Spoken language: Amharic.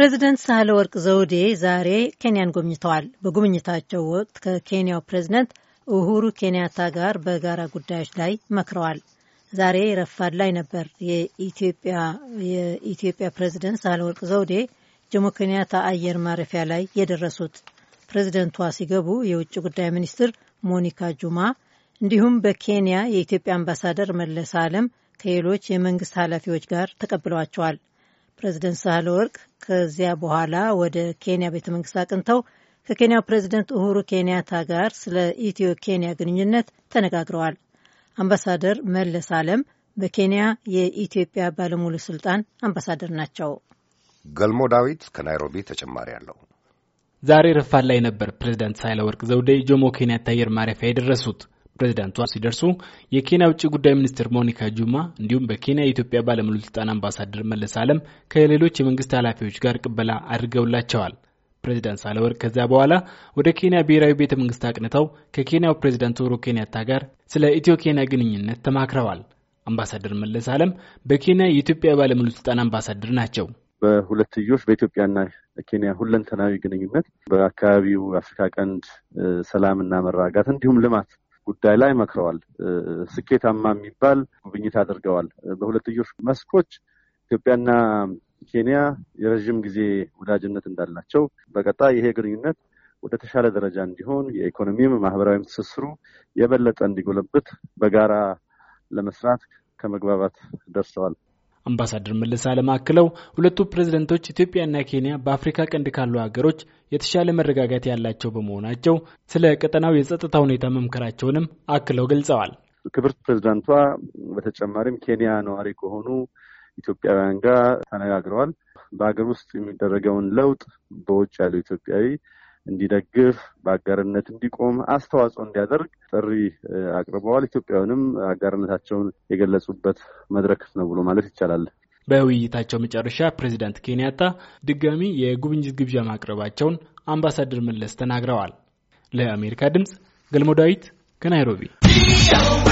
ፕሬዚደንት ሳህለ ወርቅ ዘውዴ ዛሬ ኬንያን ጎብኝተዋል። በጉብኝታቸው ወቅት ከኬንያው ፕሬዚደንት ኡሁሩ ኬንያታ ጋር በጋራ ጉዳዮች ላይ መክረዋል። ዛሬ ረፋድ ላይ ነበር የኢትዮጵያ ፕሬዚደንት ሳህለ ወርቅ ዘውዴ ጆሞ ኬንያታ አየር ማረፊያ ላይ የደረሱት። ፕሬዚደንቷ ሲገቡ የውጭ ጉዳይ ሚኒስትር ሞኒካ ጁማ እንዲሁም በኬንያ የኢትዮጵያ አምባሳደር መለስ አለም ከሌሎች የመንግስት ኃላፊዎች ጋር ተቀብለዋቸዋል። ፕሬዚደንት ወርቅ ከዚያ በኋላ ወደ ኬንያ ቤተ መንግስት አቅንተው ከኬንያው ፕሬዚደንት ኡሁሩ ኬንያታ ጋር ስለ ኢትዮ ኬንያ ግንኙነት ተነጋግረዋል። አምባሳደር መለስ አለም በኬንያ የኢትዮጵያ ባለሙሉ ስልጣን አምባሳደር ናቸው። ገልሞ ዳዊት ከናይሮቢ ተጨማሪ አለው። ዛሬ ረፋድ ላይ ነበር ፕሬዚዳንት ወርቅ ዘውዴ ጆሞ ኬንያታ አየር ማረፊያ የደረሱት። ፕሬዚዳንቷ ሲደርሱ የኬንያ ውጭ ጉዳይ ሚኒስትር ሞኒካ ጁማ እንዲሁም በኬንያ የኢትዮጵያ ባለሙሉ ስልጣን አምባሳደር መለስ አለም ከሌሎች የመንግስት ኃላፊዎች ጋር ቅበላ አድርገውላቸዋል። ፕሬዚዳንት ሳለወርቅ ከዚያ በኋላ ወደ ኬንያ ብሔራዊ ቤተ መንግስት አቅንተው ከኬንያው ፕሬዚዳንት ኡሁሩ ኬንያታ ጋር ስለ ኢትዮ ኬንያ ግንኙነት ተማክረዋል። አምባሳደር መለስ አለም በኬንያ የኢትዮጵያ ባለሙሉ ስልጣን አምባሳደር ናቸው። በሁለትዮሽ በኢትዮጵያና ኬንያ ሁለንተናዊ ግንኙነት በአካባቢው አፍሪካ ቀንድ ሰላምና መረጋጋት እንዲሁም ልማት ጉዳይ ላይ መክረዋል። ስኬታማ የሚባል ጉብኝት አድርገዋል። በሁለትዮሽ መስኮች ኢትዮጵያና ኬንያ የረዥም ጊዜ ወዳጅነት እንዳላቸው በቀጣይ ይሄ ግንኙነት ወደ ተሻለ ደረጃ እንዲሆን የኢኮኖሚም ማህበራዊም ትስስሩ የበለጠ እንዲጎለብት በጋራ ለመስራት ከመግባባት ደርሰዋል። አምባሳደር መለስ ዓለም አክለው ሁለቱ ፕሬዝደንቶች ኢትዮጵያና ኬንያ በአፍሪካ ቀንድ ካሉ ሀገሮች የተሻለ መረጋጋት ያላቸው በመሆናቸው ስለ ቀጠናው የጸጥታ ሁኔታ መምከራቸውንም አክለው ገልጸዋል። ክብርት ፕሬዝዳንቷ በተጨማሪም ኬንያ ነዋሪ ከሆኑ ኢትዮጵያውያን ጋር ተነጋግረዋል። በሀገር ውስጥ የሚደረገውን ለውጥ በውጭ ያለው ኢትዮጵያዊ እንዲደግፍ በአጋርነት እንዲቆም አስተዋጽኦ እንዲያደርግ ጥሪ አቅርበዋል። ኢትዮጵያውያንም አጋርነታቸውን የገለጹበት መድረክ ነው ብሎ ማለት ይቻላል። በውይይታቸው መጨረሻ ፕሬዚዳንት ኬንያታ ድጋሚ የጉብኝት ግብዣ ማቅረባቸውን አምባሳደር መለስ ተናግረዋል። ለአሜሪካ ድምፅ ገልሞ ዳዊት ከናይሮቢ